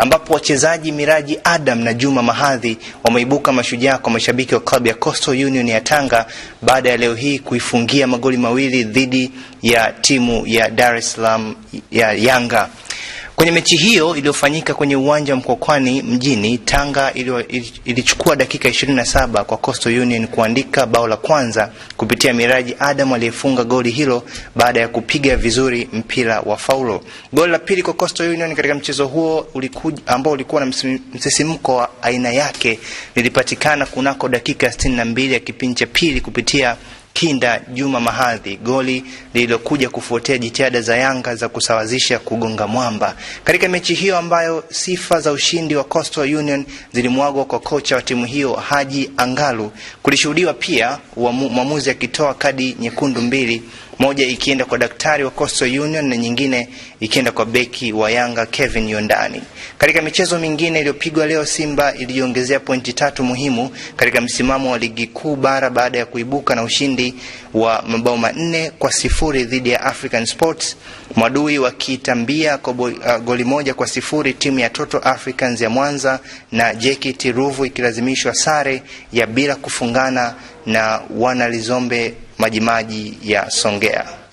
ambapo wachezaji Miraji Adam na Juma Mahadhi wameibuka mashujaa kwa mashabiki wa klabu ya Coastal Union ya Tanga baada ya leo hii kuifungia magoli mawili dhidi ya timu ya Dar es Salaam ya Yanga. Kwenye mechi hiyo iliyofanyika kwenye uwanja wa mkokwani mjini Tanga ilichukua dakika 27 kwa Coastal Union kuandika bao la kwanza kupitia Miraji Adam aliyefunga goli hilo baada ya kupiga vizuri mpira wa faulo. Goli la pili kwa Coastal Union katika mchezo huo uliku, ambao ulikuwa na msisimko wa aina yake lilipatikana kunako dakika 62 ya kipindi cha pili kupitia Kinda Juma Mahadhi, goli lililokuja kufuatia jitihada za Yanga za kusawazisha kugonga mwamba katika mechi hiyo ambayo sifa za ushindi wa Coastal Union zilimwagwa kwa kocha wa timu hiyo Haji Angalu. Kulishuhudiwa pia mwamuzi akitoa kadi nyekundu mbili moja ikienda kwa daktari wa Coastal Union na nyingine ikienda kwa beki wa Yanga Kevin Yondani. Katika michezo mingine iliyopigwa leo, Simba iliongezea pointi tatu muhimu katika msimamo wa ligi kuu bara baada ya kuibuka na ushindi wa mabao manne kwa sifuri dhidi ya African Sports, mwadui wakitambia uh, goli moja kwa sifuri timu ya Toto Africans ya Mwanza na JKT Ruvu ikilazimishwa sare ya bila kufungana na wanalizombe Majimaji ya Songea.